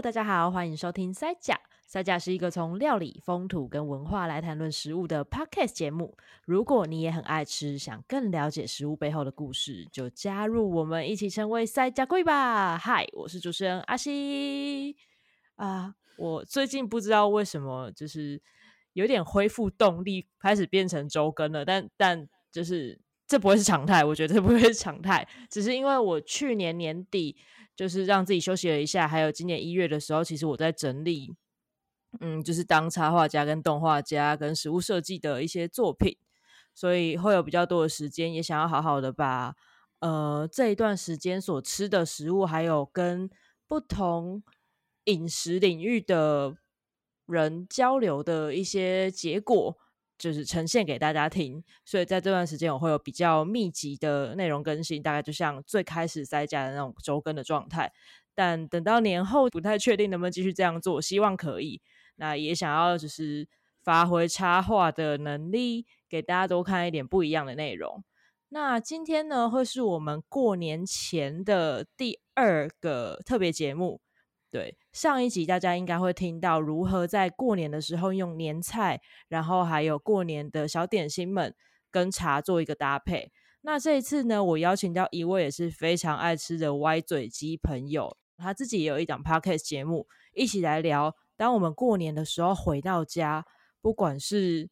大家好，歡迎收聽塞呷。塞呷是一個從料理、風土跟文化來談論食物的 Podcast 節目。如果你也很愛吃，想更了解食物背後的故事，就加入我們一起成為塞呷鬼吧。嗨，我是主持人阿吸。啊、uh，我最近不知道為什麼，就是有點恢復動力，開始變成週更了。但但就是這不會是常態，我覺得這不會是常態，只是因為我去年年底。就是讓自己休息了一下，還有今年一月的時候，其實我在整理，嗯，就是當插畫家、跟動畫家、跟食物設計的一些作品，所以會有比較多的時間，也想要好好的把，呃，這一段時間所吃的食物，還有跟不同飲食領域的人交流的一些結果。就是呈現給大家聽，所以在這段時間我會有比較密集的內容更新，大概就像最開始塞呷的那種週更的狀態。但等到年後，不太確定能不能繼續這樣做，希望可以。那也想要就是發揮插畫的能力，給大家多看一點不一樣的內容。那今天呢，會是我們過年前的第二個特別節目。對，上一集，大家應該會聽到如何在過年的時候用年菜，然後還有過年的小點心們跟茶做一個搭配。那這一次呢，我邀請到一位也是非常愛吃的歪嘴雞朋友，他自己也有一檔 Podcast 節目，一起來聊，當我們過年的時候回到家，不管是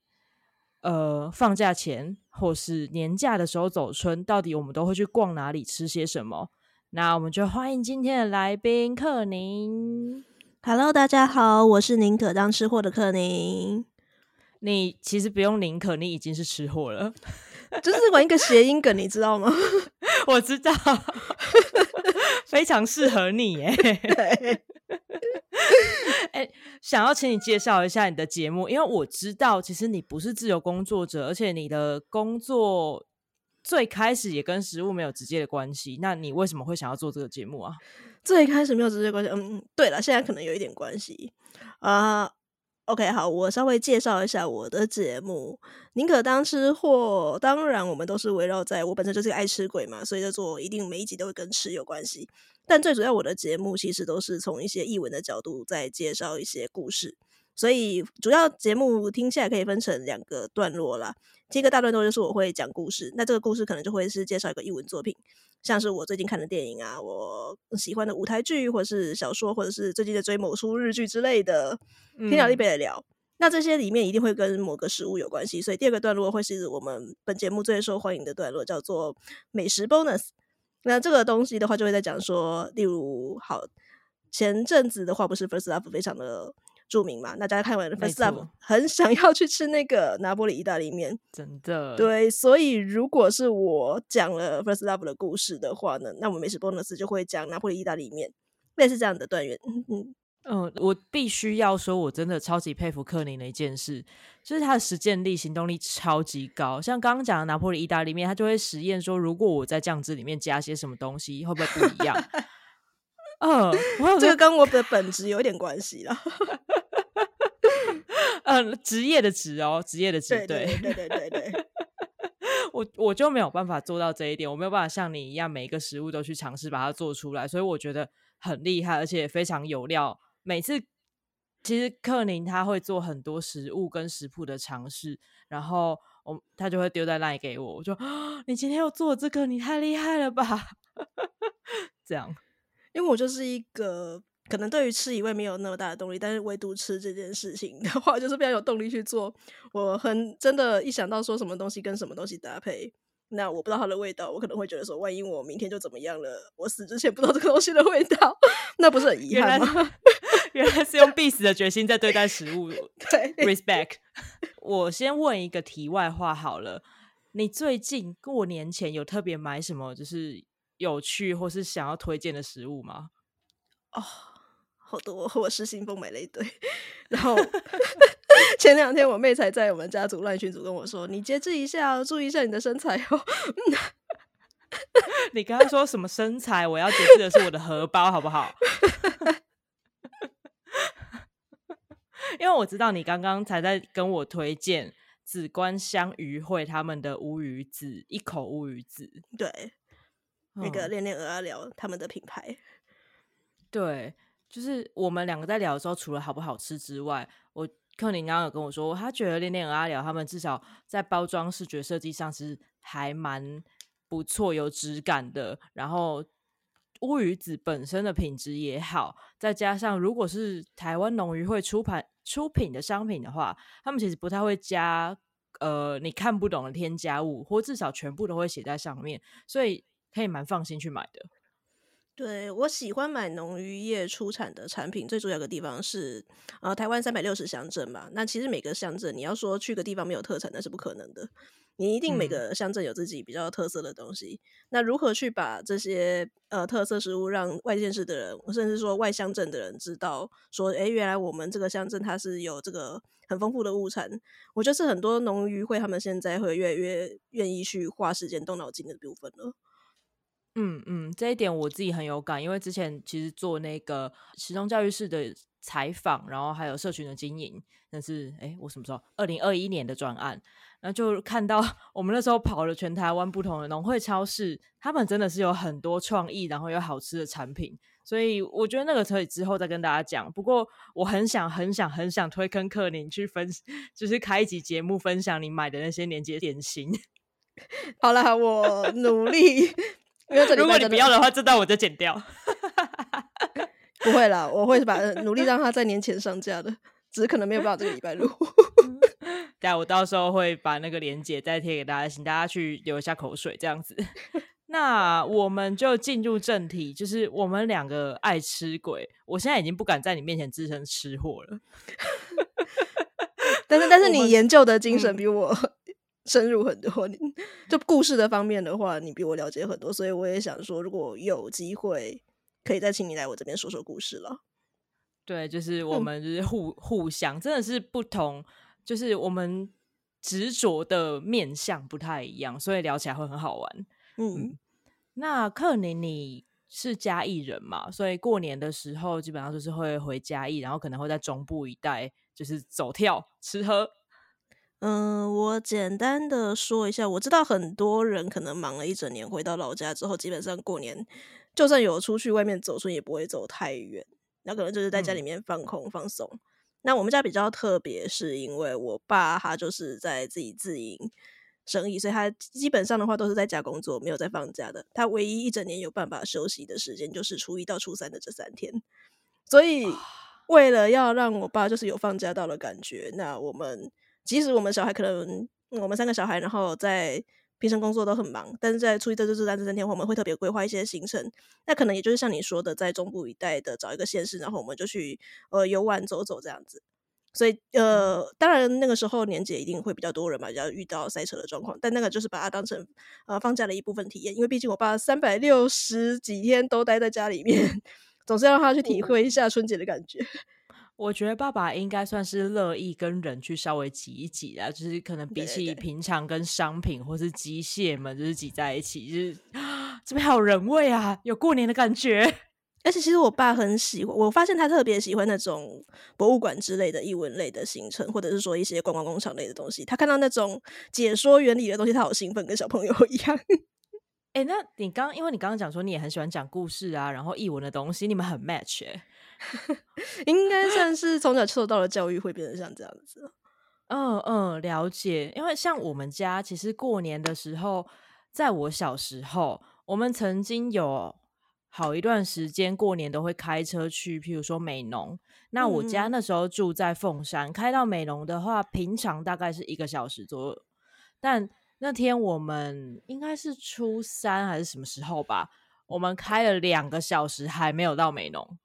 呃放假前，或是年假的時候走春，到底我們都會去逛哪裡，吃些什麼？那我們就歡迎今天的來賓克寧。Hello，大家好，我是寧可當吃貨的克寧。你其實不用寧可，你已經是吃貨了，就是玩一個諧音梗， 你知道嗎？ 我知道， 非常適合你耶， 欸，想要請你介紹一下你的節目，因為我知道，其實你不是自由工作者，而且你的工作。最開始也跟食物沒有直接的關係，那你為什麼會想要做這個節目啊？最開始沒有直接關係，嗯，對了，現在可能有一點關係啊。Uh, OK，好，我稍微介紹一下我的節目《寧可當吃貨》。當然，我們都是圍繞在我本身就是個愛吃鬼嘛，所以做一定每一集都會跟吃有關係。但最主要，我的節目其實都是從一些藝文的角度在介紹一些故事，所以主要節目聽起來可以分成兩個段落啦。第一個大段落就是我會講故事，那這個故事可能就會是介紹一個藝文作品，像是我最近看的電影啊，我喜歡的舞台劇，或者是小說，或者是最近在追某齣日劇之類的，天南地北聊。那這些裡面一定會跟某個食物有關係，所以第二個段落會是我們本節目最受歡迎的段落，叫做美食 bonus。那這個東西的話就會在講說，例如好前陣子的話不是 First Love 非常的。著名嘛，那大家看完了 First Love 很想要去吃那個拿破里意大利麵，真的對，所以如果是我講了 First Love 的故事的話呢，那我們美食 bonus 就會講拿破里意大利麵，類似這樣的段元。 嗯，我必須要說，我真的超級佩服克寧的一件事，就是他的實踐力、行動力超級高。像剛剛講的拿破里意大利麵，他就會實驗說，如果我在醬汁裡面加些什麼東西，會不會不一樣？ 嗯， 這個跟我的本職有一點關係了。嗯、 呃，職業的職哦，職業的職，對對對對對，對，對，對，對。 我我就沒有辦法做到這一點，我沒有辦法像你一樣，每一個食物都去嘗試把它做出來。所以我覺得很厲害，而且非常有料。每次其實克寧他會做很多食物跟食譜的嘗試，然後我他就會丟在那裡給我。我就，哦、你今天又做這個，你太厲害了吧？ 這樣。因為我就是一個可能對於吃以外沒有那麼大的動力，但是唯獨吃這件事情的話，就是非常有動力去做。我很真的，一想到說什麼東西跟什麼東西搭配，那我不知道它的味道，我可能會覺得說，萬一我明天就怎麼樣了，我死之前不知道這個東西的味道，那不是很遺憾嗎？原來，原來是用必死的決心在對待食物。 對，Respect。我先問一個題外話好了，你最近過年前有特別買什麼？就是。有趣或是想要推薦的食物嗎？哦、oh，好多！我失心瘋買了一堆。 然後 前兩天我妹才在我們家族亂群組跟我說：“你節制一下哦，注意一下你的身材哦。 ”你剛剛說什麼身材？我要節制的是我的荷包，好不好？ 因為我知道你剛剛才在跟我推薦紫官香魚會他們的烏魚子，一口烏魚子。對。那個戀戀蚵仔寮他們的品牌，對，就是我們兩個在聊的時候，除了好不好吃之外，我克寧剛剛有跟我說，他覺得戀戀蚵仔寮他們至少在包裝視覺設計上是還蠻不錯、有質感的。然後烏魚子本身的品質也好，再加上如果是台灣農漁會出版出品的商品的話，他們其實不太會加呃你看不懂的添加物，或至少全部都會寫在上面，所以。可以蠻放心去買的。對，我喜歡買農漁業出產的產品，最主要的地方是，呃，台灣三百六十鄉鎮嘛。那其實每個鄉鎮，你要說去個地方沒有特產，那是不可能的。你一定每個鄉鎮有自己比較特色的東西。嗯、那如何去把這些呃特色食物讓外縣市的人，甚至說外鄉鎮的人知道，說，哎、欸，原來我們這個鄉鎮它是有這個很豐富的物產。我覺得是很多農漁會他們現在會越來越願意去花時間動腦筋的部分了。嗯嗯，這一點我自己很有感，因為之前其實做那個時鐘教育室的採訪，然後還有社群的經營，但是哎，我什麼時候？二零二一年的專案。那就看到我們那時候跑了全台灣不同的農會超市，他們真的是有很多創意，然後有好吃的產品，所以我覺得那個可以之後再跟大家講。不過我很想很想很想推坑克寧去分，就是開一集節目分享你買的那些年節點心。 好啦，我努力。 如果你不要的話，這段我就剪掉。 不會啦，我會把努力讓他在年前上架的，只可能沒有辦法這個禮拜錄。但 我到時候會把那個連結再貼給大家，請大家去流一下口水這樣子。那我們就進入正題，就是我們兩個愛吃鬼，我現在已經不敢在你面前自稱吃貨了。 但是，但是你研究的精神比我。我深入很多你，就故事的方面的話，你比我了解很多，所以我也想說，如果有機會，可以再請你來我這邊說說故事了。對，就是我們就是互、嗯、互相，真的是不同，就是我們執着的面相不太一樣，所以聊起來會很好玩。嗯，嗯，那克寧你是嘉義人嘛？所以過年的時候基本上就是會回嘉義，然後可能會在中部一帶就是走跳吃喝。嗯，我簡單的說一下，我知道很多人可能忙了一整年，回到老家之後，基本上過年就算有出去外面走，所以也不會走太遠。那可能就是在家裡面放空放鬆。嗯。那我們家比較特別，是因為我爸他就是在自己自營生意，所以他基本上的話都是在家工作，沒有在放假的。他唯一一整年有辦法休息的時間，就是初一到初三的這三天。所以為了要讓我爸就是有放假到的感覺，那我們。即使我們小孩可能、嗯、我們三個小孩，然後在平常工作都很忙，但是在初一到初三這這這三天我們會特別規劃一些行程。那可能也就是像你說的，在中部一帶的找一個縣市，然後我們就去呃遊玩走走這樣子。所以呃，當然那個時候年節一定會比較多人嘛，比較遇到塞車的狀況。但那個就是把它當成呃放假的一部分體驗，因為畢竟我爸三百六十幾天都待在家裡面，總是要讓他去體會一下春節的感覺。嗯我覺得爸爸應該算是樂意跟人去稍微擠一擠啊，就是可能比起平常跟商品或是機械們就是擠在一起，就是、啊、這邊好有人味啊，有過年的感覺。而且其實我爸很喜歡，我發現他特別喜歡那種博物館之類的藝文類的行程，或者是說一些觀光工廠類的東西。他看到那種解說原理的東西，他好興奮，跟小朋友一樣。哎、 欸，那你剛因為你剛剛講說你也很喜歡講故事啊，然後藝文的東西，你們很 match、欸。 應該算是從小受到的教育會變成像這樣子。 嗯嗯，了解。因為像我們家，其實過年的時候，在我小時候，我們曾經有好一段時間過年都會開車去，譬如說美濃。那我家那時候住在鳳山，嗯、開到美濃的話，平常大概是一個小時左右。但那天我們應該是初三還是什麼時候吧，我們開了兩個小時還沒有到美濃。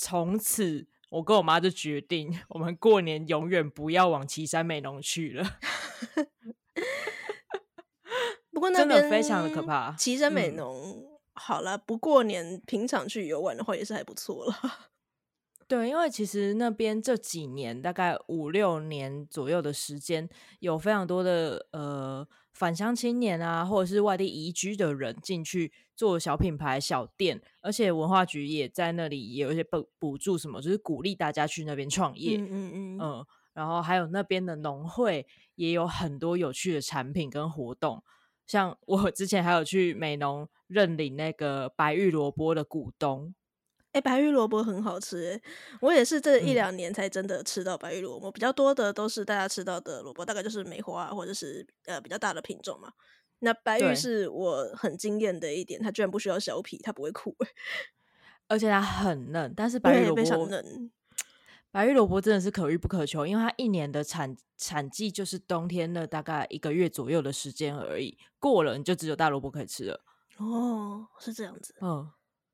從此，我跟我媽就決定，我們過年永遠不要往旗山美濃去了。 不過那邊非常的可怕。旗 山美濃、嗯、好了，不過年平常去遊玩的話也是還不錯了。對，因為其實那邊這幾年大概五六年左右的時間，有非常多的呃返鄉青年啊，或者是外地移居的人進去做小品牌、小店，而且文化局也在那裡也有一些補補助什麼，就是鼓勵大家去那邊創業。嗯嗯嗯。嗯，然後還有那邊的農會也有很多有趣的產品跟活動，像我之前還有去美濃認領那個白玉蘿蔔的股東。欸、白玉蘿蔔很好吃，我也是這一兩年才真的吃到白玉蘿蔔，嗯，比較多的都是大家吃到的蘿蔔，大概就是梅花或者是呃比較大的品種嘛。那白玉是我很驚艷的一點，它居然不需要削皮，它不會苦，而且它很嫩。但是白玉蘿蔔非常嫩。白玉蘿蔔真的是可遇不可求，因為它一年的產產季就是冬天的大概一個月左右的時間而已，過了你就只有大蘿蔔可以吃了。哦，是這樣子。嗯。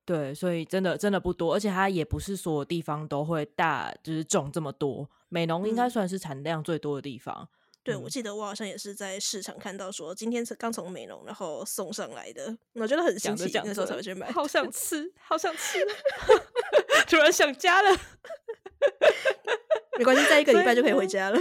對，所以真的真的不多，而且它也不是所有地方都會大，就是種這麼多。美濃應該算是產量最多的地方，嗯嗯。對，我記得我好像也是在市場看到說，今天剛從美濃然後送上來的，我覺得很神奇。講著講著，那時候才會去買。好想吃，好想吃， 突然想家了。 沒關係，再一個禮拜就可以回家了。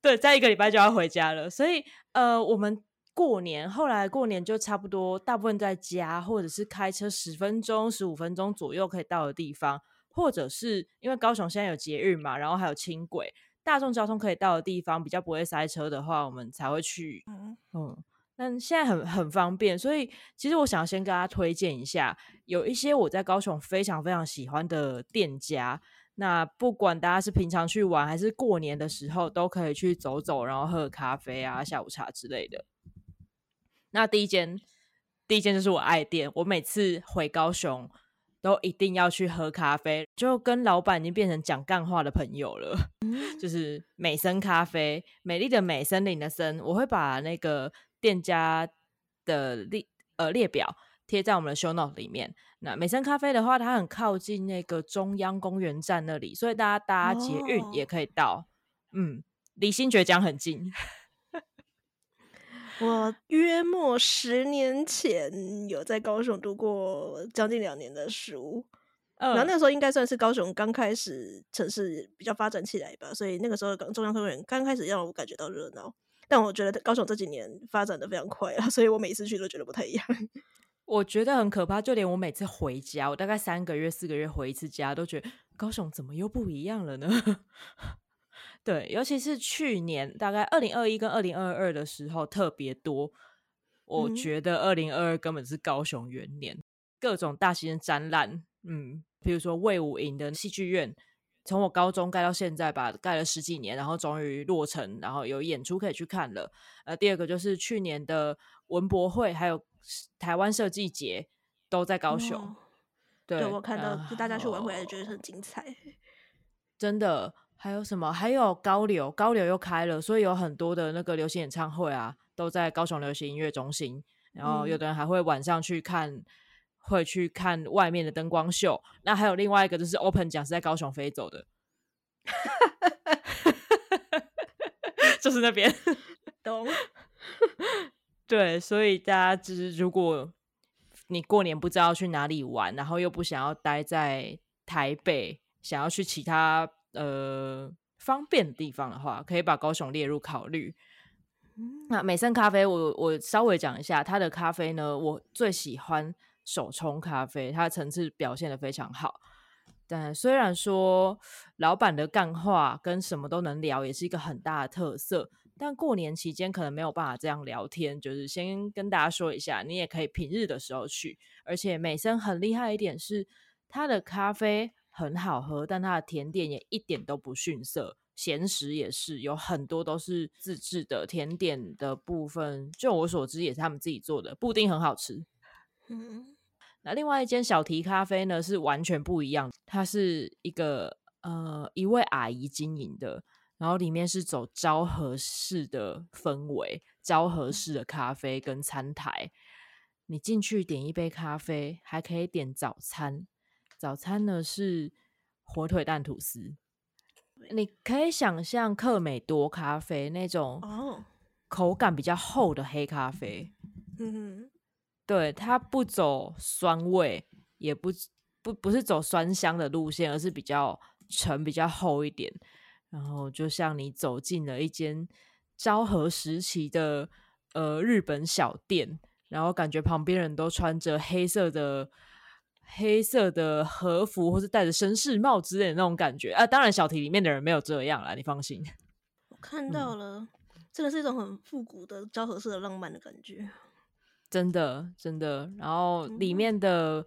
對，再一個禮拜就要回家了，所以呃，我們。過年後來過年就差不多，大部分在家或者是開車十分鐘、十五分鐘左右可以到的地方，或者是因為高雄現在有捷運嘛，然後還有輕軌、大眾交通可以到的地方，比較不會塞車的話，我們才會去。嗯嗯，但現在很很方便，所以其實我想先跟大家推薦一下，有一些我在高雄非常非常喜歡的店家，那不管大家是平常去玩還是過年的時候，都可以去走走，然後喝咖啡啊、下午茶之類的。那第一間，第一間就是我愛店。我每次回高雄，都一定要去喝咖啡，就跟老闆已經變成講幹話的朋友了。嗯。就是美森咖啡，美麗的美，森林的森。我會把那個店家的列呃列表貼在我們的 show note 裡面。那美森咖啡的話，它很靠近那個中央公園站那裡，所以大家搭捷運也可以到。哦。嗯，離新崛江很近。我約莫十年前有在高雄讀過將近兩年的書，嗯，然後那個時候應該算是高雄剛開始城市比較發展起來吧，所以那個時候中央公園剛開始讓我感覺到熱鬧。但我覺得高雄這幾年發展得非常快啊，所以我每次去都覺得不太一樣。我覺得很可怕，就連我每次回家，我大概三個月四個月回一次家，都覺得高雄怎麼又不一樣了呢？對，尤其是去年大概二零二一跟二零二二的時候特別多。嗯、我覺得二零二二根本是高雄元年，各種大型的展覽，嗯，譬如說衛武營的戲劇院，從我高中蓋到現在吧，蓋了十幾年，然後終於落成，然後有演出可以去看了。呃，第二個就是去年的文博會，還有台灣設計節都在高雄。哦、對，對、呃、我看到，就大家去玩回來覺得很精彩，真的。還有什麼？還有高流，高流又開了，所以有很多的那個流行演唱會啊，都在高雄流行音樂中心。然後有的人還會晚上去看，嗯、會去看外面的燈光秀。那還有另外一個就是 Open 講是在高雄飛走的， 就是那邊。 懂。對，所以大家就是，如果你過年不知道去哪裡玩，然後又不想要待在台北，想要去其他。呃，方便的地方的話，可以把高雄列入考慮。那美森咖啡我，我我稍微講一下，它的咖啡呢，我最喜歡手沖咖啡，它的層次表現的非常好。但雖然說老闆的幹話跟什麼都能聊，也是一個很大的特色。但過年期間可能沒有辦法這樣聊天，就是先跟大家說一下，你也可以平日的時候去。而且美森很厲害一點是，它的咖啡。很好喝，但它的甜點也一點都不遜色，鹹食也是有很多都是自制的，甜點的部分就我所知也是他們自己做的，布丁很好吃。 那另外一間小提咖啡呢是完全不一樣，它是一個呃一位阿姨經營的，然後裡面是走昭和式的氛圍，昭和式的咖啡跟餐台，你進去點一杯咖啡，還可以點早餐。早餐呢是火腿蛋吐司，你可以想象客美多咖啡那種口感比較厚的黑咖啡，oh. 對，它不走酸味，也不不不是走酸香的路線，而是比較沉、比較厚一點。然後就像你走進了一間昭和時期的呃日本小店，然後感覺旁邊人都穿着黑色的。黑色的和服，或是戴着紳士帽子之類的那種感覺啊！當然，小堤裡面的人沒有這樣啦，你放心。我看到了，嗯、這個是一種很復古的昭和式的浪漫的感覺，真的真的。然後裡面的、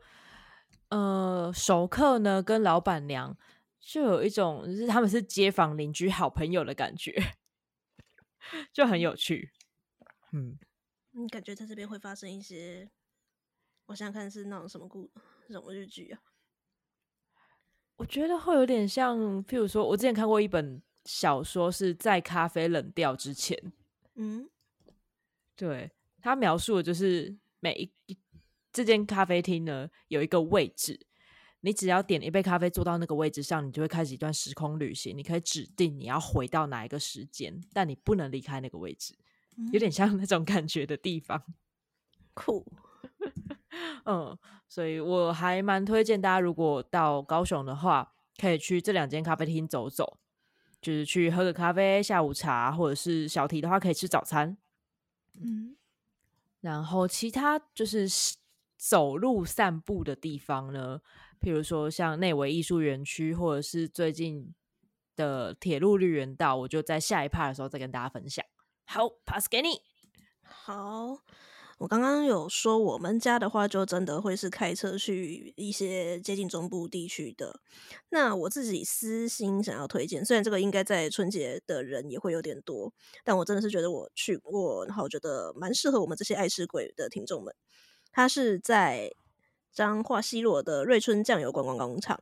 嗯、呃熟客呢，跟老闆娘就有一種、就是他們是街坊鄰居、好朋友的感覺， 就很有趣。嗯，你感覺在這邊會發生一些？我想想看是那種什麼故？什麼日劇啊？我覺得會有點像，譬如說我之前看過一本小說，是在咖啡冷掉之前。嗯，對，他描述的就是每一,一這間咖啡廳呢，有一個位置，你只要點一杯咖啡，坐到那個位置上，你就會開始一段時空旅行。你可以指定你要回到哪一個時間，但你不能離開那個位置。有點像那種感覺的地方。嗯，酷。 嗯，所以我還蠻推薦大家，如果到高雄的話，可以去這兩間咖啡廳走走，就是去喝個咖啡、下午茶，或者是小堤的話，可以吃早餐。嗯，然後其他就是走路散步的地方呢，譬如說像內惟藝術園區，或者是最近的鐵路綠園道，我就在下一趴的時候再跟大家分享。好，pass 給你，好。我剛剛有說，我們家的話就真的會是開車去一些接近中部地區的。那我自己私心想要推薦，雖然這個應該在春節的人也會有點多，但我真的是覺得我去過，然後覺得蠻適合我們這些愛吃鬼的聽眾們。他是在彰化西螺的瑞春醬油觀光工廠。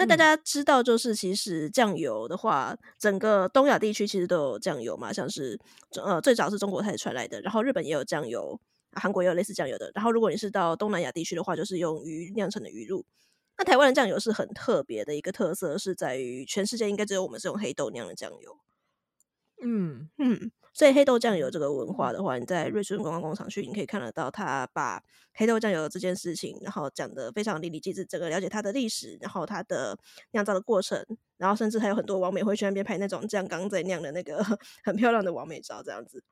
那大家知道，就是其實醬油的話，嗯、整個東亞地區其實都有醬油嘛，像是呃最早是中國才傳來的，然後日本也有醬油，啊、韓國也有類似醬油的。然後如果你是到東南亞地區的話，就是用魚釀成的魚露。那台灣的醬油是很特別的一個特色，是在於全世界應該只有我們是用黑豆釀的醬油。嗯哼。嗯所以黑豆醬油這個文化的話，嗯、你在瑞春觀光工廠去，你可以看得到他把黑豆醬油這件事情，然後講得非常淋漓盡致。整個了解它的歷史，然後它的釀造的過程，然後甚至還有很多網美會去那邊拍那種醬油缸在釀的那個很漂亮的網美照這樣子。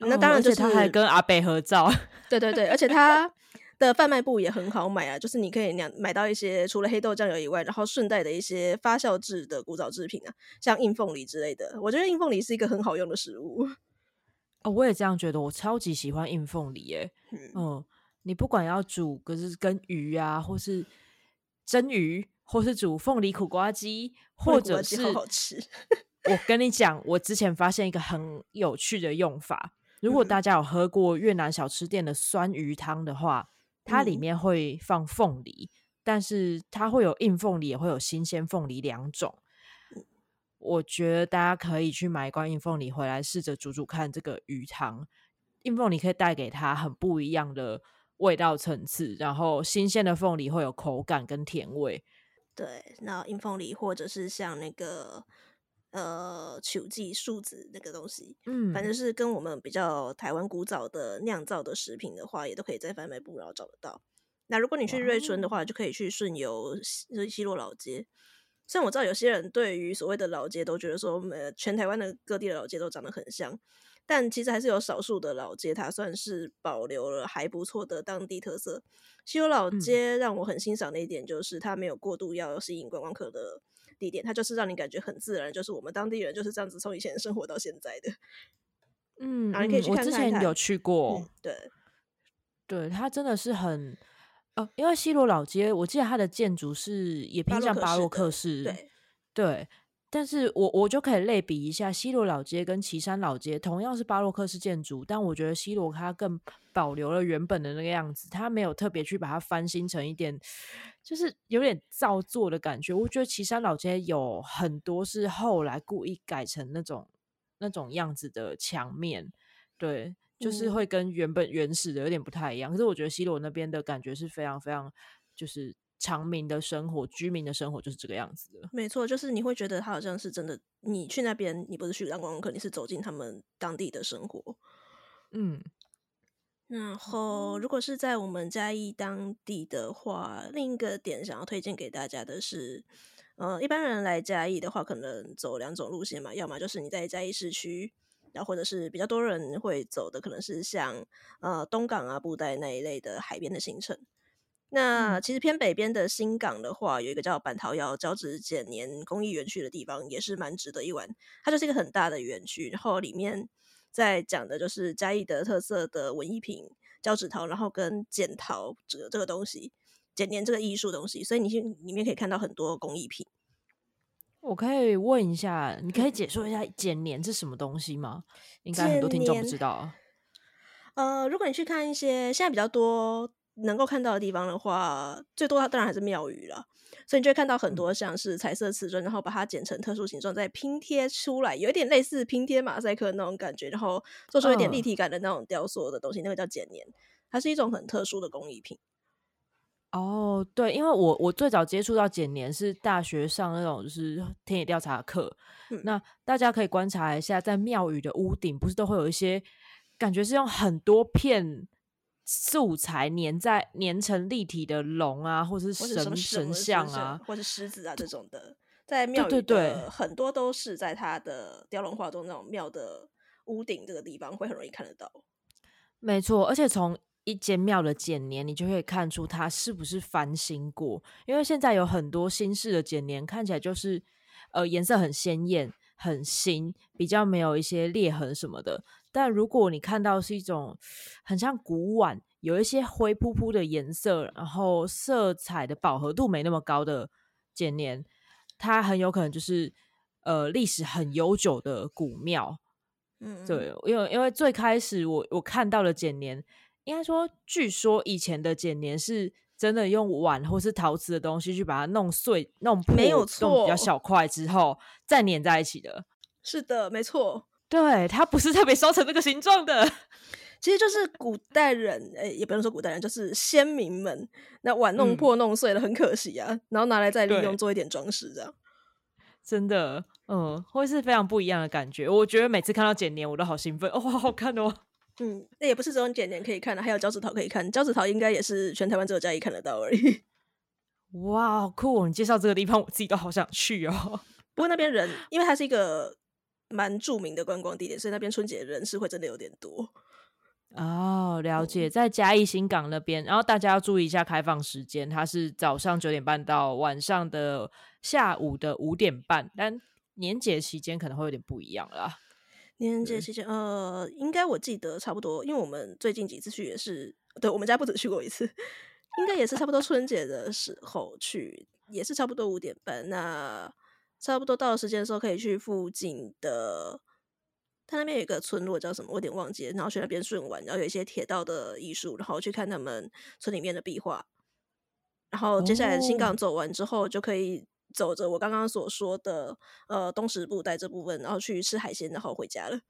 嗯、那當然、就是嗯，而且他還跟阿北合照。對對對，而且他。 的販賣部也很好買啊，就是你可以兩買到一些除了黑豆醬油以外，然後順帶的一些發酵制的古早制品啊，像硬鳳梨之類的。我覺得硬鳳梨是一個很好用的食物。哦，我也這樣覺得，我超級喜歡硬鳳梨耶嗯。嗯，你不管要煮可是跟魚啊，或是蒸魚，或是煮鳳梨苦瓜雞，或者是好,好吃。 我跟你講，我之前發現一個很有趣的用法。嗯，如果大家有喝過越南小吃店的酸魚湯的話。它裡面會放鳳梨、嗯，但是它會有硬鳳梨，也會有新鮮鳳梨兩種、嗯。我覺得大家可以去買一罐硬鳳梨回來，試着煮煮看這個魚湯。硬鳳梨可以帶給它很不一樣的味道層次，然後新鮮的鳳梨會有口感跟甜味。對，那硬鳳梨或者是像那個。呃，球技、數字那個東西，嗯，反正是跟我們比較台灣古早的釀造的食品的話，也都可以在販賣部然後找得到。那如果你去瑞春的話，就可以去順遊西西螺老街。雖然我知道有些人對於所謂的老街都覺得說，我、呃、們全台灣的各地的老街都長得很像，但其實還是有少數的老街，它算是保留了還不錯的當地特色。西螺老街讓我很欣賞的一點就是，它沒有過度要吸引觀光客的。地點，它就是讓你感覺很自然，就是我們當地人就是這樣子從以前生活到現在的。嗯，啊，你可以去看看，我之前有去過、嗯，對，對，它真的是很，哦、因為西螺老街，我記得它的建築是也偏向巴洛克式，對。對但是我我就可以類比一下西螺老街跟旗山老街，同樣是巴洛克式建築，但我覺得西螺它更保留了原本的那個樣子，它沒有特別去把它翻新成一點，就是有點造作的感覺。我覺得旗山老街有很多是後來故意改成那種那種樣子的牆面，對，就是會跟原本原始的有點不太一樣。可是我覺得西螺那邊的感覺是非常非常就是。常民的生活，居民的生活就是這個樣子的。沒錯，就是你會覺得他好像是真的。你去那邊，你不是去當觀光客，你是走進他們當地的生活。嗯，然後如果是在我們嘉義當地的話，另一個點想要推薦給大家的是，呃，一般人來嘉義的話，可能走兩種路線嘛，要麼就是你在嘉義市區，然後或者是比較多人會走的，可能是像呃東港啊、布袋那一類的海邊的行程。那其實偏北邊的新港的話，嗯，有一個叫板陶窯交趾剪黏工藝園區的地方，也是蠻值得一玩。它就是一個很大的園區，然後裡面在講的就是嘉義的特色的文藝品——交趾陶，然後跟剪桃這個這個東西，剪黏這個藝術東西。所以你去裡面可以看到很多工藝品。我可以問一下，你可以解說一下剪黏是什麼東西嗎？ 應該很多聽眾不知道。啊。呃，如果你去看一些現在比較多。能夠看到的地方的話，最多它當然還是廟宇了，所以你就會看到很多像是彩色瓷磚，然後把它剪成特殊形狀，再拼貼出來，有點類似拼貼馬賽克那種感覺，然後做出一點立體感的那種雕塑的東西，呃、那個叫剪黏，它是一種很特殊的工藝品。哦，對，因為我我最早接觸到剪黏是大學上那種就是田野調查課、嗯，那大家可以觀察一下，在廟宇的屋頂，不是都會有一些感覺是用很多片。素材粘在粘成立體的龍啊，或者是神者神像啊，或者是獅子啊，啊這種的，對，在廟宇的對對對對，很多都是在它的雕龍畫棟那種廟的屋頂這個地方會很容易看得到。沒錯，而且從一間廟的剪黏，你就可以看出它是不是翻新過，因為現在有很多新式的剪黏看起來就是呃顏色很鮮艷、很新，比較沒有一些裂痕什麼的。但如果你看到是一種很像古碗，有一些灰撲撲的顏色，然後色彩的飽和度沒那麼高的剪黏，它很有可能就是呃歷史很悠久的古廟。嗯，對，因為因為最開始我我看到的剪黏，應該說，據說以前的剪黏是真的用碗或是陶瓷的東西去把它弄碎、弄破沒有錯，弄比較小塊之後再粘在一起的。是的，沒錯。對，它不是特別燒成那個形狀的，其實就是古代人，誒、欸，也不用說古代人，就是先民們，那碗弄破弄碎了、嗯、很可惜啊，然後拿來再來利用做一點裝飾這樣。真的，嗯，會是非常不一樣的感覺。我覺得每次看到剪黏，我都好興奮，哦，好看哦。嗯，那也不是只有剪黏可以看的，還有交趾陶可以看，交趾陶應該也是全台灣只有嘉義看得到而已。哇，好酷、哦！你介紹這個地方，我自己都好想去哦。不過那邊人，因為它是一個。蠻著名的觀光地點，所以那邊春節人是會真的有點多。哦，了解，在嘉義新港那邊，然後大家要注意一下開放時間，它是早上九點半到晚上的下午的五點半，但年節期間可能會有點不一樣啦。年節期間，呃，應該我記得差不多，因為我們最近幾次去也是，對，我們家不止去過一次，應該也是差不多春節的時候去， 也是差不多五點半。那差不多到時間的時候，可以去附近的，他那邊有一個村落叫什麼，我有點忘記了。然後去那邊順玩，然後有一些鐵道的藝術，然後去看他們村裡面的壁畫。然後接下來新港走完之後，就可以走着我剛剛所說的、哦，呃，東石布袋這部分，然後去吃海鮮，然後回家了。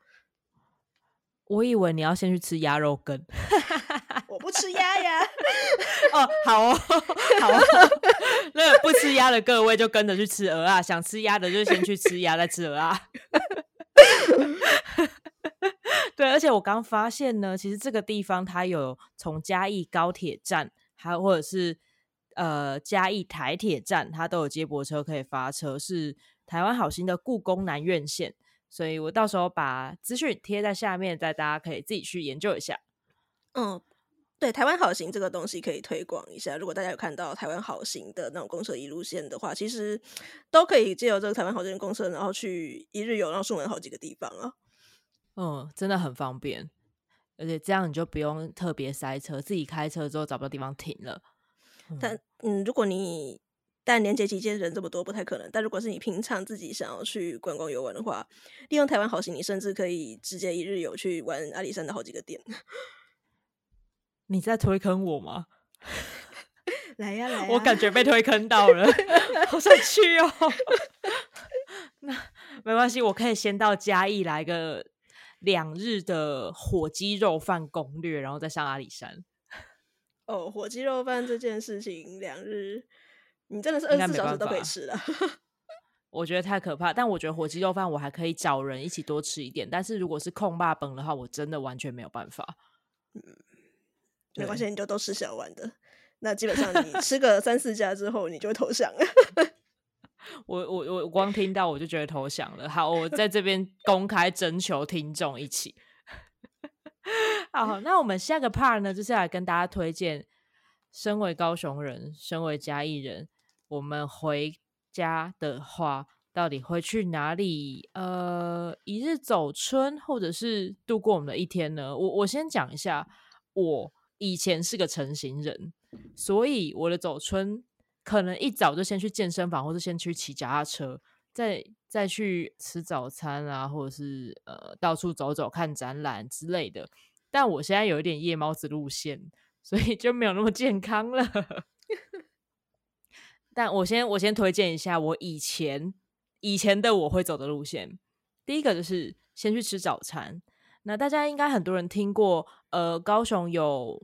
我以為你要先去吃鴨肉羹。 不吃鴨呀！ 哦，好哦，好、哦， 那不吃鴨的各位就跟着去吃鵝啊！想吃鴨的就先去吃鴨，再吃鵝啊！ 對，而且我剛發現呢，其實這個地方它有從嘉義高鐵站，還有或者是呃嘉義台鐵站，它都有接駁車可以發車，是台灣好行的故宮南院線，所以我到時候把資訊貼在下面，帶大家可以自己去研究一下。嗯。對，台灣好行這個東西可以推廣一下。如果大家有看到台灣好行的那種公車一路線的話，其實都可以借由這個台灣好行的公車，然後去一日遊，然後順路好幾個地方啊。嗯，真的很方便，而且這樣你就不用特別塞車，自己開車之後找不到地方停了。嗯，但嗯，如果你但年節期間人這麼多，不太可能。但如果是你平常自己想要去觀光遊玩的話，利用台灣好行，你甚至可以直接一日遊去玩阿里山的好幾個點。你在推坑我嗎？ 來呀、啊、來啊！我感覺被推坑到了，好想去哦。 那沒關係，我可以先到嘉義來個兩日的火雞肉飯攻略，然後再上阿里山。哦，火雞肉飯這件事情，兩日你真的是二十四小時都可以吃的。 我覺得太可怕，但我覺得火雞肉飯我還可以找人一起多吃一點。但是如果是焢肉飯的話，我真的完全沒有辦法。嗯沒關係，你就都吃小碗的。那基本上你吃個三四家之後， 你就會投降。 我我我光聽到我就覺得投降了。好，我在這邊公開徵求聽眾一起。 好，好，那我們下個 part 呢，就是要來跟大家推薦。身為高雄人，身為嘉義人，我們回家的話，到底會去哪裡？呃，一日走春，或者是度過我們的一天呢？我我先講一下我。以前是個晨型人，所以我的走春可能一早就先去健身房，或是先去騎腳踏車，再再去吃早餐啊，或者是呃到處走走看展覽之類的。但我現在有一點夜貓子路線，所以就沒有那麼健康了。 但我先我先推薦一下我以前以前的我會走的路線，第一個就是先去吃早餐。那大家應該很多人聽過，呃，高雄有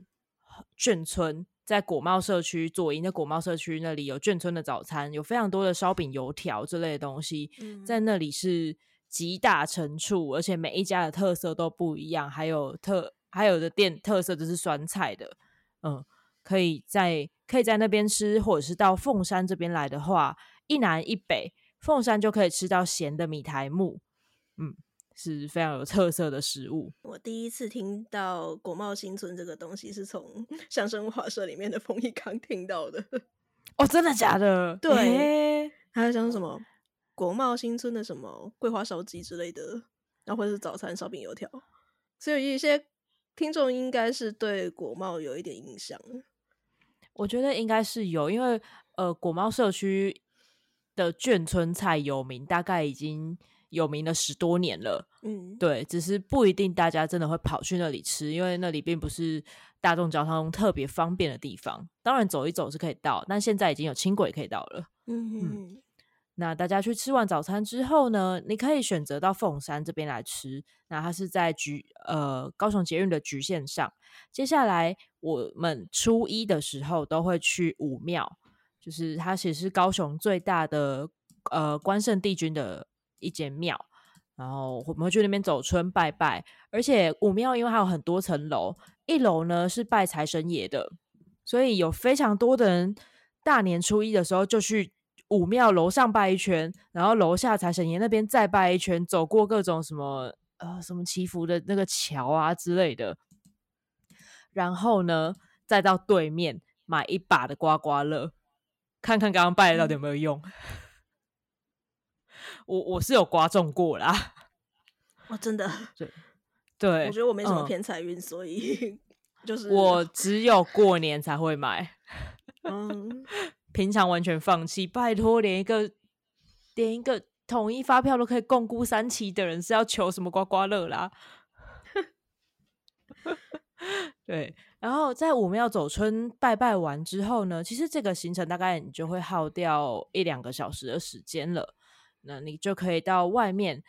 眷村，在果貿社區，左營的果貿社區那裡有眷村的早餐，有非常多的燒餅、油條之類的東西，嗯，在那裡是集大成處，而且每一家的特色都不一樣，還有特還有的店特色就是酸菜的，嗯，可以在可以在那邊吃，或者是到鳳山這邊來的話，一南一北，鳳山就可以吃到鹹的米苔目。嗯。是非常有特色的食物。我第一次聽到“果貿新村”這個東西，是從相聲瓦舍裡面的馮翊綱聽到的。哦，真的假的？對。欸、還有像什麼“果貿新村”的什麼桂花燒雞之類的，然後或者是早餐燒餅油條。所以有一些聽眾應該是對果貿有一點印象。我覺得應該是有，因為呃，果貿社區的眷村菜有名，大概已經。有名了十多年了，嗯，對，只是不一定大家真的會跑去那裡吃，因為那裡並不是大眾交通特別方便的地方。當然走一走是可以到，但現在已經有輕軌可以到了。嗯哼哼嗯，那大家去吃完早餐之後呢，你可以選擇到鳳山這邊來吃，那它是在橘呃高雄捷運的橘線上。接下來我們初一的時候都會去武廟，就是它其實是高雄最大的呃關聖帝君的一間廟，然後我們會去那邊走春拜拜。而且武廟因為它有很多層樓，一樓呢是拜財神爺的，所以有非常多的人大年初一的時候就去武廟樓上拜一圈，然後樓下財神爺那邊再拜一圈，走過各種什麼呃什麼祈福的那個橋啊之類的，然後呢再到對面買一把的刮刮樂，看看剛剛拜的到底有沒有用。嗯我我是有刮中過啦，我、哦、真的對對，我覺得我沒什麼偏財運，嗯，所以就是我只有過年才會買，嗯， 平常完全放棄。拜託，連一個連一個統一發票都可以摃龜三期的人，是要求什麼刮刮樂啦？ 對。然後在我們要走春拜拜完之後呢，其實這個行程大概你就會耗掉一兩個小時的時間了。那你就可以到外面，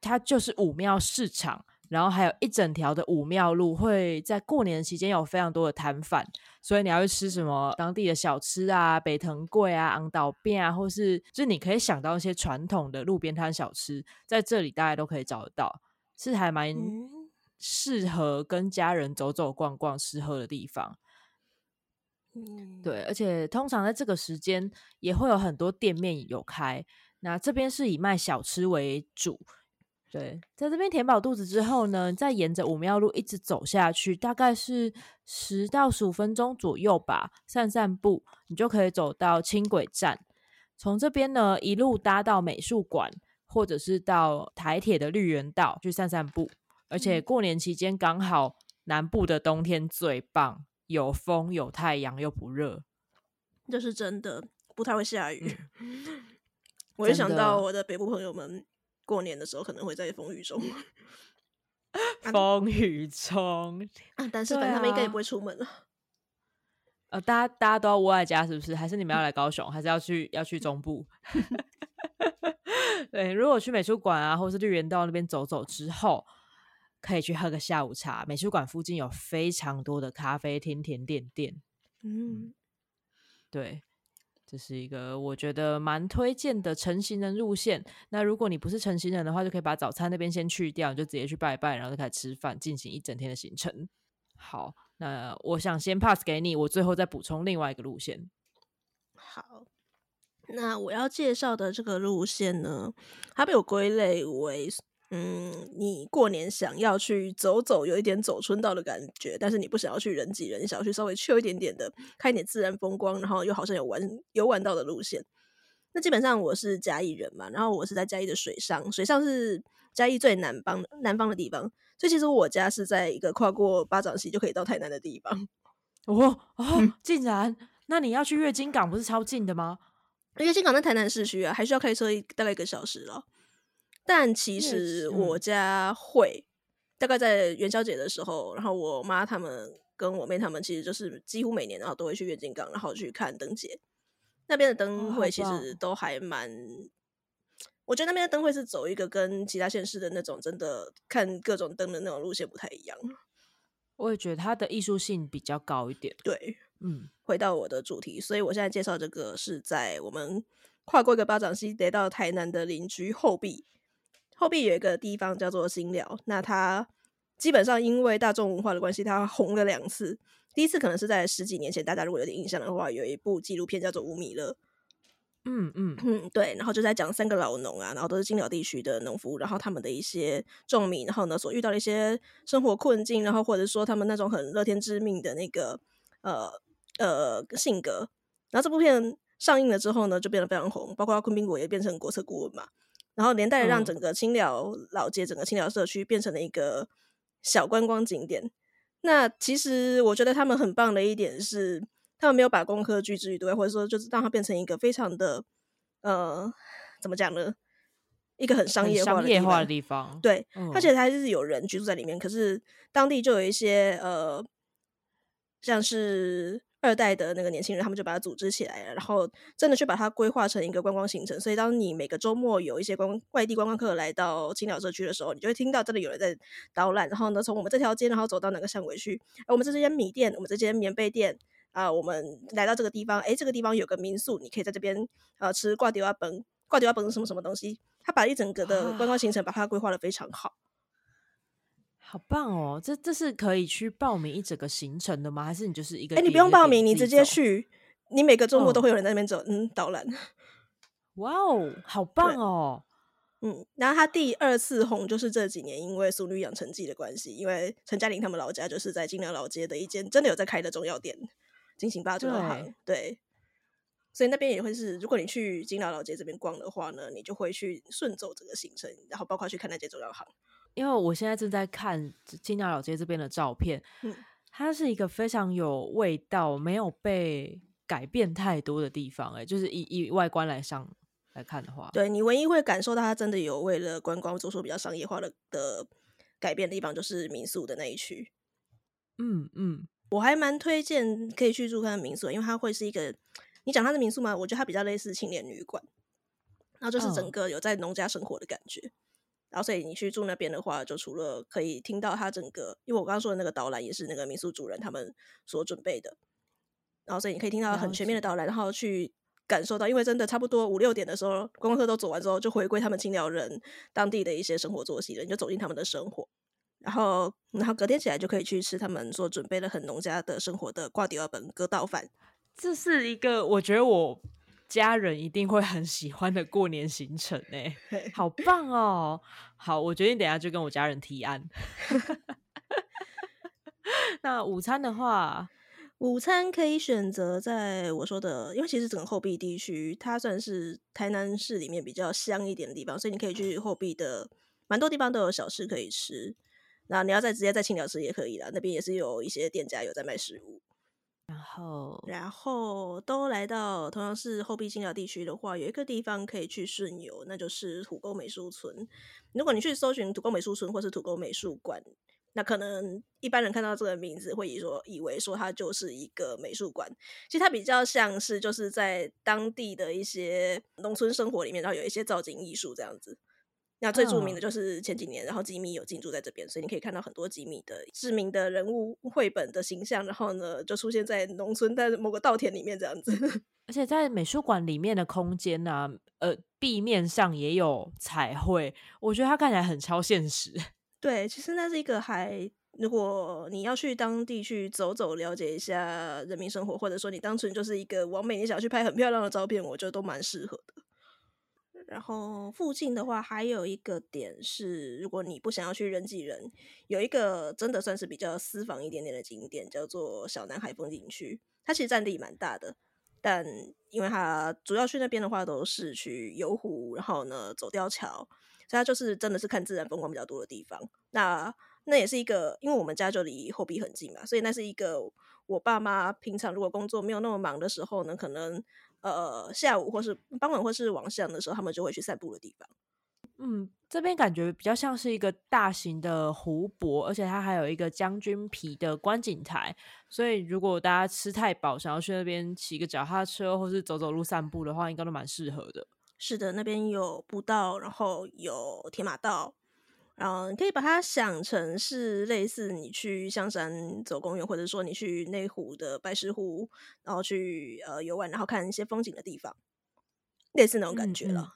它就是武廟市場，然後還有一整條的武廟路，會在過年的期間有非常多的攤販，所以你要去吃什麼當地的小吃啊，白糖粿啊，紅豆餅啊，或是就是你可以想到一些傳統的路邊攤小吃，在這裡大家都可以找得到，是還蠻適合跟家人走走逛逛吃喝的地方。對，而且通常在這個時間也會有很多店面有開。那這邊是以賣小吃為主，對，在這邊填飽肚子之後呢，再沿着武廟路一直走下去，大概是十到十五分鐘左右吧，散散步，你就可以走到輕軌站。從這邊呢一路搭到美術館，或者是到台鐵的綠園道去散散步。而且過年期間剛好南部的冬天最棒，有風有太陽又不熱，這、就是真的，不太會下雨。 我就想到我的北部朋友們，過年的時候可能會在風雨中。 風雨中啊，啊，但是反正他們應該也不會出門了。啊、呃，大家大家都要窩在家，是不是？還是你們要來高雄， 還是要去要去中部？ 對，如果去美術館啊，或是綠園道那邊走走之後，可以去喝個下午茶。美術館附近有非常多的咖啡廳、甜點店。嗯。嗯，對。這是一個我覺得蠻推薦的晨型人路線。那如果你不是晨型人的話，就可以把早餐那邊先去掉，就直接去拜拜，然後就開始吃飯，進行一整天的行程。好，那我想先 pass 給你，我最後再補充另外一個路線。好，那我要介紹的這個路線呢，它被我歸類為。嗯，你過年想要去走走，有一點走春道的感覺，但是你不想要去人擠人，你想要去稍微 chill 一點點的，看一點自然風光，然後又好像有玩遊玩到的路線。那基本上我是嘉義人嘛，然後我是在嘉義的水上，水上是嘉義最南方南方的地方，所以其實我家是在一個跨過八掌溪就可以到台南的地方。哦哦、嗯，竟然！那你要去月津港，不是超近的嗎？月津港在台南市區啊，還需要開車大概一個小時了。但其實我家會大概在元宵節的時候，然後我媽他們跟我妹他們，其實就是幾乎每年然後都會去月津港，然後去看燈節。那邊的燈會其實都還蠻、哦，我覺得那邊的燈會是走一個跟其他縣市的那種，真的看各種燈的那種路線不太一樣。我也覺得它的藝術性比較高一點。對，嗯。回到我的主題，所以我現在介紹這個是在我們跨過一個八掌溪，得到台南的鄰居後壁。後壁有一個地方叫做菁寮，那它基本上因為大眾文化的關係，它紅了兩次。第一次可能是在十幾年前，大家如果有點印象的話，有一部紀錄片叫做《無米樂》，嗯嗯嗯，對。然後就在講三個老農啊，然後都是菁寮地區的農夫，然後他們的一些種米，然後呢所遇到的一些生活困境，然後或者說他們那種很樂天知命的那個呃呃性格。然後這部片上映了之後呢，就變得非常紅，包括崑濱伯也變成國策顧問嘛。然後連帶讓整個菁寮老街，嗯、整個菁寮社區變成了一個小觀光景點。那其實我覺得他們很棒的一點是，他們沒有把工科拒之於外，或者說就是讓它變成一個非常的呃，怎麼講呢？一個很商業化很商業化的地方。對，而且還是有人居住在裡面。嗯、可是當地就有一些呃，像是。二代的那個年輕人，他們就把它組織起來了，然後真的去把它規劃成一個觀光行程。所以，當你每個周末有一些觀光外地觀光客來到菁寮社區的時候，你就會聽到真的有人在導覽，然後呢，從我們這條街，然後走到哪個巷尾去。啊、我們這間米店，我們這間棉被店啊，我們來到這個地方，哎，這個地方有個民宿，你可以在這邊啊吃掛雕本，掛雕本是什麼什麼東西？他把一整個的觀光行程把它規劃的非常好。好棒哦！這這是可以去報名一整個行程的嗎？還是你就是一個，一個？哎、欸，你不用報名，你直接去，哦、你每個周末都會有人在那邊走，嗯，導覽。哇哦，好棒哦！嗯，然後他第二次紅就是這幾年，因為《俗女養成記》的關係，因為陳嘉玲他們老家就是在菁寮老、老街的一間真的有在開的中藥店——金行八中藥行對。對，所以那邊也會是，如果你去菁寮老、老街這邊逛的話呢，你就會去順走這個行程，然後包括去看那間中藥行。因為我現在正在看菁寮老街這邊的照片，嗯，它是一個非常有味道、沒有被改變太多的地方，欸。哎，就是以以外觀來上來看的話，對，你唯一會感受到它真的有為了觀光做出比較商業化的的改變的地方，就是民宿的那一區。嗯嗯，我還蠻推薦可以去住它的民宿，因為它會是一個你講它的民宿嗎？我覺得它比較類似青年旅館，然後就是整個有在農家生活的感覺。嗯然後，所以你去住那邊的話，就除了可以聽到他整個，因為我剛剛說的那個導覽也是那個民宿主人他們所準備的。然後，所以你可以聽到很全面的導覽了，然後去感受到，因為真的差不多五六點的時候，觀光客都走完之後，就回歸他們清寮人當地的一些生活作息了，你就走進他們的生活。然後，然後隔天起來就可以去吃他們所準備的很農家的生活的瓜迪爾本割稻飯。這是一個，我覺得我。家人一定會很喜歡的過年行程哎、欸，好棒哦、喔！好，我決定等下就跟我家人提案。 那午餐的話，午餐可以選擇在我說的，因為其實整個後壁地區它算是台南市裡面比較香一點的地方，所以你可以去後壁的蠻多地方都有小吃可以吃。那你要再直接在菁寮吃也可以啦，那邊也是有一些店家有在賣食物。然後，然後都來到同樣是後壁菁寮地區的話，有一個地方可以去順遊，那就是土溝美術村。如果你去搜尋土溝美術村或是土溝美術館，那可能一般人看到這個名字會以說以為說它就是一個美術館，其實它比較像是就是在當地的一些農村生活裡面，然後有一些造景藝術這樣子。那最著名的就是前幾年，嗯、然後幾米有進駐在這邊，所以你可以看到很多幾米的知名的人物繪本的形象，然後呢就出現在農村，在某個稻田裡面這樣子。而且在美術館裡面的空間呢、啊，呃，壁面上也有彩繪，我覺得它看起來很超現實。對，其實那是一個還，如果你要去當地去走走，了解一下人民生活，或者說你單純就是一個網美，你想要去拍很漂亮的照片，我覺得都蠻適合的。然後附近的話，還有一個點是，如果你不想要去人擠人，有一個真的算是比較私房一點點的景點，叫做小南海風景區。它其實占地蠻大的，但因為它主要去那邊的話，都是去遊湖，然後呢走吊橋，所以它就是真的是看自然風光比較多的地方。那那也是一個，因為我們家就離後壁很近嘛，所以那是一個我爸媽平常如果工作沒有那麼忙的時候呢，可能。呃，下午或是傍晚或是晚上的時候，他們就會去散步的地方。嗯，這邊感覺比較像是一個大型的湖泊，而且它還有一個將軍皮的觀景台，所以如果大家吃太飽，想要去那邊騎個腳踏車或是走走路散步的話，應該都蠻適合的。是的，那邊有步道，然後有鐵馬道。然後你可以把它想成是類似你去香山走公園，或者說你去內湖的白石湖，然後去呃遊玩，然後看一些風景的地方，類似那種感覺了。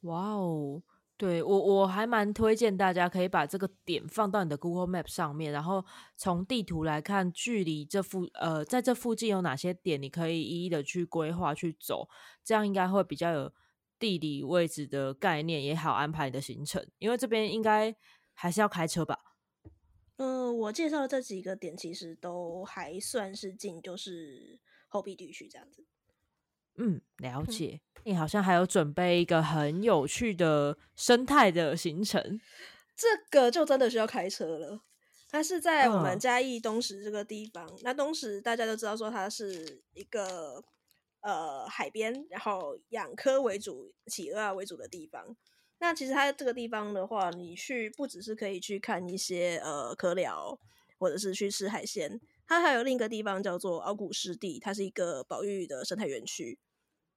哇、嗯、哦、嗯，wow, 對，我我還蠻推薦大家可以把這個點放到你的 Google Map 上面，然後從地圖來看距離這附呃在這附近有哪些點，你可以一一的去規劃去走，這樣應該會比較有。地理位置的概念也好，安排的行程，因為這邊應該還是要開車吧？嗯、呃，我介紹的這幾個點，其實都還算是近，就是後壁地區這樣子。嗯，了解、嗯。你好像還有準備一個很有趣的生態的行程，這個就真的需要開車了。它是在我們嘉義東石這個地方。嗯、那東石大家都知道，說它是一個。呃，海邊，然後養蚵為主，企鵝啊為主的地方。那其實它這個地方的話，你去不只是可以去看一些呃蚵寮，或者是去吃海鮮。它還有另一個地方叫做鰲鼓濕地，它是一個保育的生態園區。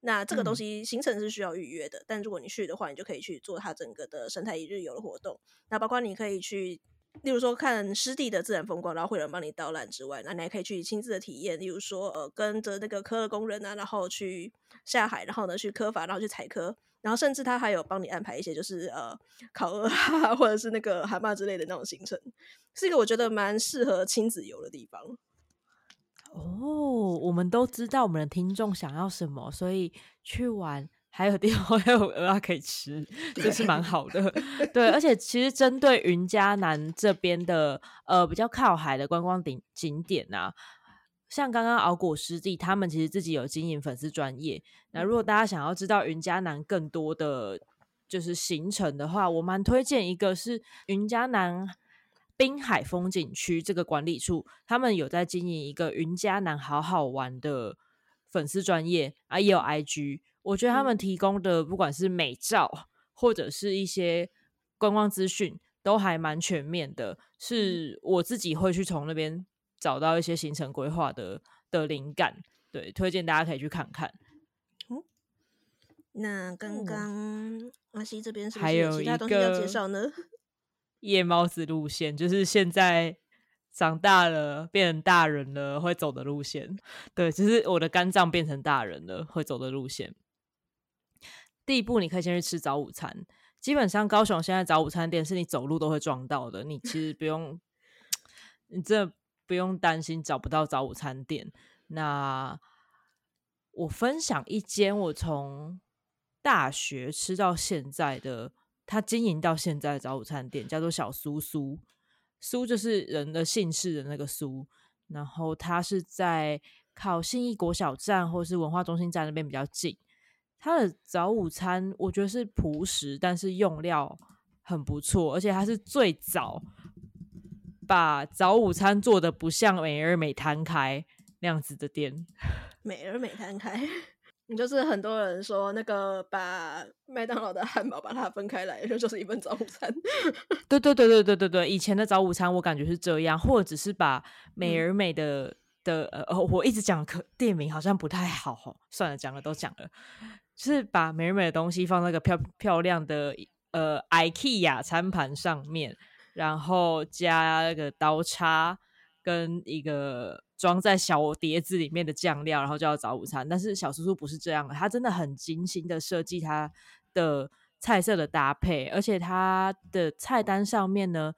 那這個東西行程是需要預約的，嗯、但如果你去的話，你就可以去做它整個的生態一日遊的活動。那包括你可以去。例如說看濕地的自然風光，然後會有人幫你導覽之外，那你還可以去親自的體驗，例如說呃跟着那個蚵的工人啊，然後去下海，然後呢去蚵筏，然後去採蚵，然後甚至他還有幫你安排一些就是呃烤蚵或者是那個蛤蟆之類的那種行程，是一個我覺得蠻適合親子遊的地方。哦，我們都知道我們的聽眾想要什麼，所以去玩。還有地方還有鵝可以吃，這是蠻好的對。對，而且其實針對雲嘉南這邊的呃比較靠海的觀光景景點啊，像剛剛鰲鼓濕地，他們其實自己有經營粉絲專頁。那如果大家想要知道雲嘉南更多的就是行程的話，我蠻推薦一個是雲嘉南濱海風景區這個管理處，他們有在經營一個雲嘉南好好玩的粉絲專頁啊，也有 IG。我覺得他們提供的不管是美照，或者是一些觀光資訊都還蠻全面的，是我自己會去從那邊找到一些行程規劃的的靈感。對，推薦大家可以去看看。嗯，那剛剛阿吸這邊還有其他東西要介紹呢？夜貓子路線就是現在長大了變成大人了會走的路線。對，就是我的肝臟變成大人了會走的路線。第一步，你可以先去吃早午餐。基本上，高雄現在早午餐店是你走路都會撞到的，你其實不用，你這不用擔心找不到早午餐店。那我分享一間我從大學吃到現在的，他經營到現在的早午餐店，叫做小蘇蘇，蘇就是人的姓氏的那個蘇。然後他是在靠信義國小站或者是文化中心站那邊比較近。它的早午餐我覺得是樸實，但是用料很不錯，而且它是最早把早午餐做得不像美而美攤開那樣子的店。美而美攤開，你 就是很多人說那個把麥當勞的漢堡把它分開來，就是一份早午餐。對 對對對對對對，以前的早午餐我感覺是這樣，或者只是把美而美的、嗯、的呃，我一直講可店名好像不太好，算了，講了都講了。是把美美的東西放在一個漂漂亮的呃 IKEA 餐盤上面，然後加那個刀叉跟一個裝在小碟子裡面的醬料，然後就叫早午餐。但是小叔叔不是這樣的，他真的很精心的設計他的菜色的搭配，而且他的菜單上面呢，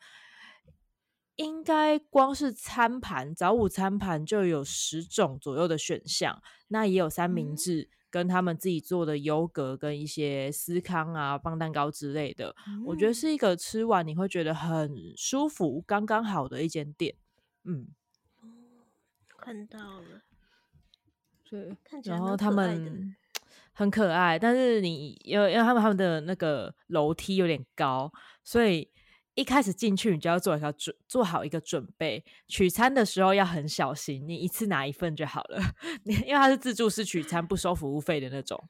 應該光是餐盤早午餐盤就有十種左右的選項，那也有三明治。嗯跟他們自己做的優格，跟一些司康啊、磅蛋糕之類的、嗯，我覺得是一個吃完你會覺得很舒服、剛剛好的一間店。嗯，看到了，對，然後他們很可愛，但是你因為因為他們他們的那個樓梯有點高，所以。一開始進去，你就要做一個準做好一個準備。取餐的時候要很小心，你一次拿一份就好了，因為它是自助式取餐，不收服務費的那種。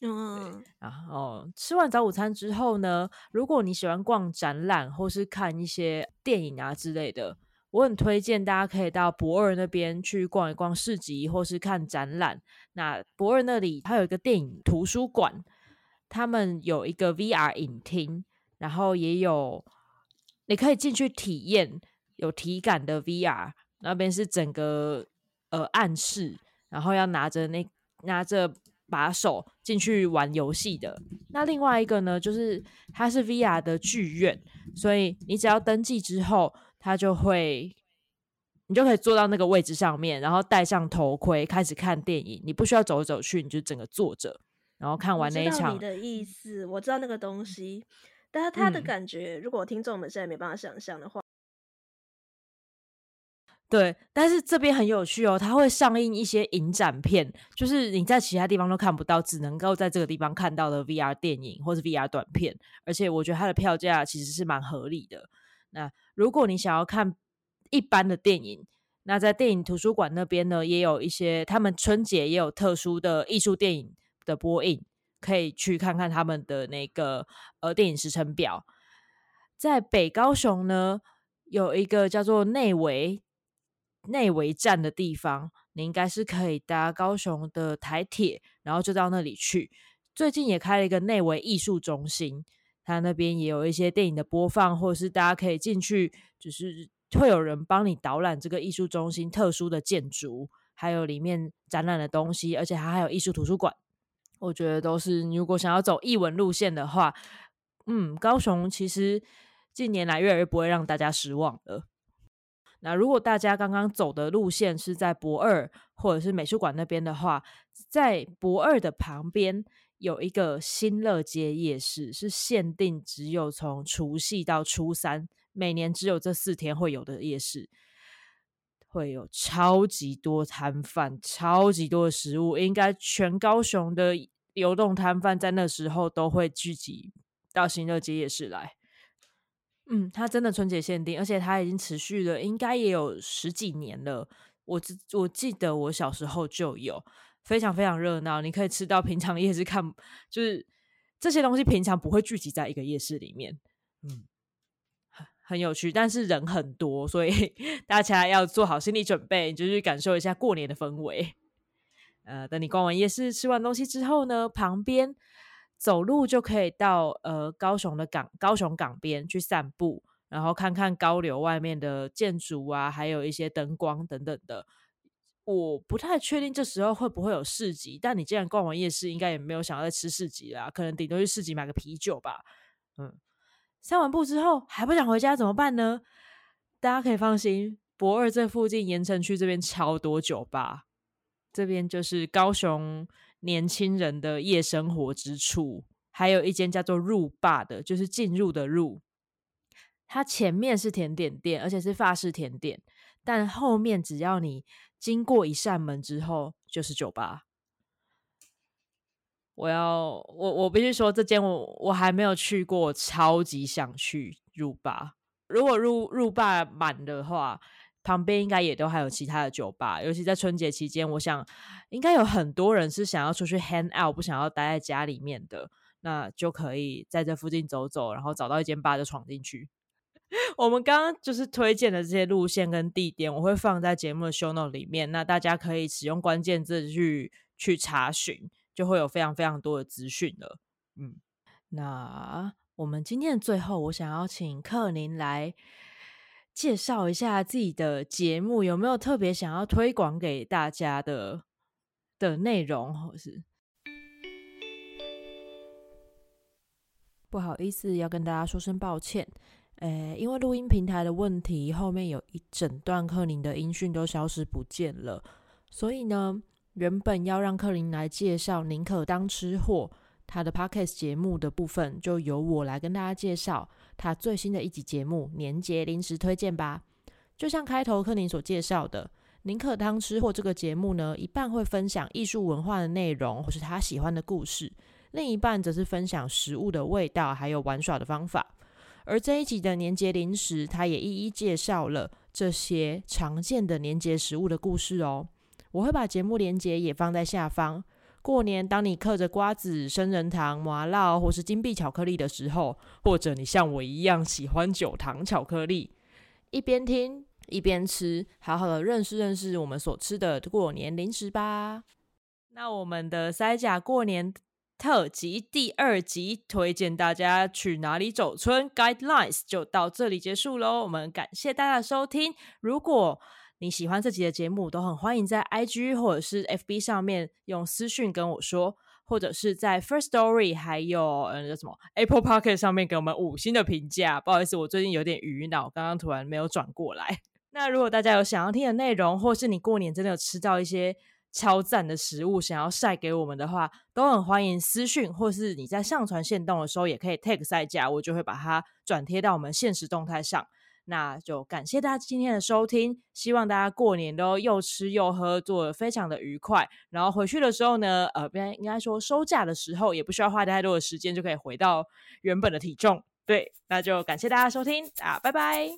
嗯，然後吃完早午餐之後呢，如果你喜歡逛展覽或是看一些電影啊之類的，我很推薦大家可以到駁二那邊去逛一逛市集或是看展覽。那駁二那裡還有一個電影圖書館，他們有一個 VR 影廳。然後也有，你可以進去體驗有體感的 VR，那邊是整個呃暗室，然後要拿着那拿着把手進去玩遊戲的。那另外一個呢，就是它是 VR 的劇院，所以你只要登記之後，它就會你就可以坐到那個位置上面，然後戴上頭盔開始看電影。你不需要走走去，你就整個坐着，然後看完那一場。你的意思，我知道那個東西。但是他的感覺，嗯，如果我聽眾們現在沒辦法想象的話，對，但是這邊很有趣哦，它會上映一些影展片，就是你在其他地方都看不到，只能夠在這個地方看到的 VR 電影或是 VR 短片。而且我覺得它的票價其實是蠻合理的。那如果你想要看一般的電影，那在電影圖書館那邊呢，也有一些他們春節也有特殊的藝術電影的播映。可以去看看他們的那個呃電影時程表，在北高雄呢，有一個叫做內惟內惟站的地方，你應該是可以搭高雄的台鐵，然後就到那裡去。最近也開了一個內惟藝術中心，它那邊也有一些電影的播放，或者是大家可以進去，就是會有人幫你導覽這個藝術中心特殊的建築，還有裡面展覽的東西，而且它還有藝術圖書館。我覺得都是，如果想要走藝文路線的話，嗯，高雄其實近年來越來越不會讓大家失望了。那如果大家剛剛走的路線是在駁二或者是美術館那邊的話，在駁二的旁邊有一個新樂街夜市，是限定只有從除夕到初三，每年只有這四天會有的夜市。會有超級多攤販，超級多食物，應該全高雄的流動攤販在那時候都會聚集到新樂街夜市來。嗯，它真的春節限定，而且它已經持續了，應該也有十幾年了。我我記得我小時候就有非常非常熱鬧，你可以吃到平常夜市看，就是這些東西平常不會聚集在一個夜市裡面。嗯。很有趣，但是人很多，所以大家要做好心理準備，你就去感受一下過年的氛圍。呃，等你逛完夜市、吃完東西之後呢，旁邊走路就可以到呃高雄的港、高雄港邊去散步，然後看看高流外面的建築啊，還有一些燈光等等的。我不太確定這時候會不會有市集，但你既然逛完夜市，應該也沒有想要再吃市集啦，可能頂多去市集買個啤酒吧。嗯。散完步之後還不想回家怎麼辦呢？大家可以放心，駁二這附近鹽埕區這邊超多酒吧，這邊就是高雄年輕人的夜生活之處。還有一間叫做入吧的，就是進入的入，它前面是甜點店，而且是法式甜點，但後面只要你經過一扇門之後就是酒吧。我要我我必須說這間，這間我我還沒有去過，我超級想去入吧。如果入入吧滿的話，旁邊應該也都還有其他的酒吧。尤其在春節期間，我想應該有很多人是想要出去 hang out，不想要待在家裡面的。那就可以在這附近走走，然後找到一間吧就闖進去。 我們剛剛就是推薦的這些路線跟地點，我會放在節目的 show note 裡面，那大家可以使用關鍵字去去查詢。就會有非常非常多的資訊了，嗯，那我們今天的最後，我想要請克寧來介紹一下自己的節目，有沒有特別想要推廣給大家的的內容？是不好意思，要跟大家說聲抱歉，誒，因為錄音平台的問題，後面有一整段克寧的音訊都消失不見了，所以呢。原本要讓克寧來介紹寧可當吃貨他的 podcast 節目的部分，就由我來跟大家介紹他最新的一集節目年節零食推薦吧。就像開頭克寧所介紹的，寧可當吃貨這個節目呢，一半會分享藝術文化的內容或是他喜歡的故事，另一半則是分享食物的味道還有玩耍的方法。而這一集的年節零食，他也一一介紹了這些常見的年節食物的故事哦。我會把節目連結也放在下方。過年，當你嗑着瓜子、生仁糖、麻辣或是金幣巧克力的時候，或者你像我一樣喜歡酒糖巧克力，一邊聽一邊吃，好好的認識認識我們所吃的過年零食吧。那我們的《塞呷過年特輯》第二集推薦大家去哪裡走春 guidelines 就到這裡結束嘍。我們感謝大家收聽。如果你喜歡這集的節目，都很歡迎在 IG 或者是 FB 上面用私訊跟我說，或者是在 First Story 還有、嗯、什麼 Apple Pocket 上面給我們五星的評價。不好意思，我最近有點魚腦，剛剛突然沒有轉過來。 那如果大家有想要聽的內容，或是你過年真的有吃到一些超讚的食物，想要曬給我們的話，都很歡迎私訊，或是你在上傳限動的時候也可以 tag 曬一下，我就會把它轉貼到我們限時動態上。那就感謝大家今天的收聽，希望大家過年都又吃又喝，做得非常的愉快。然後回去的時候呢，呃，應該應該說收假的時候也不需要花太多的時間，就可以回到原本的體重。對，那就感謝大家收聽啊，拜拜。